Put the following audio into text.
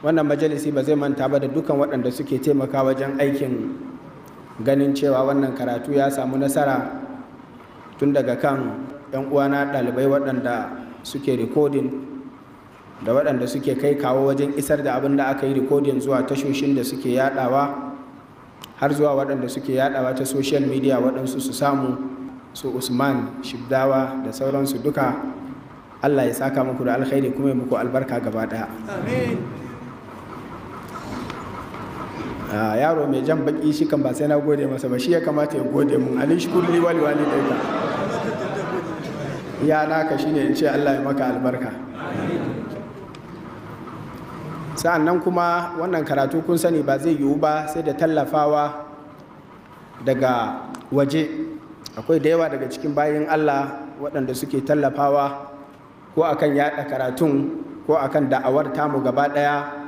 wannan majalisi ba zai manta ba da dukan waɗanda suke taimaka wajen aikin ganin cewa wannan karatu ya samu nasara tun daga kan 'yan uwana ɗalibai waɗanda suke rikodin da waɗanda suke kai kawo wajen isar da abin da aka yi rikodin zuwa tashoshin da suke yadawa har zuwa waɗanda suke yadawa ta social media waɗansu su samu su usman shibdawa da sauransu duka allah ya saka muku da alkhairi kuma ya muku albarka gaba ɗaya yaro mai jan baki shi kan ba sai na gode masa ba shi ya kamata ya gode mun alin shukur liwa liwa ne daika ya naka shine in ce Allah ya maka albarka sa'an nan kuma wannan karatu kun sani ba zai yiwu ba sai da tallafawa daga waje akwai da yawa daga cikin bayan Allah waɗanda suke tallafawa ko akan yaɗa karatun ko akan da'awar tamu gaba ɗaya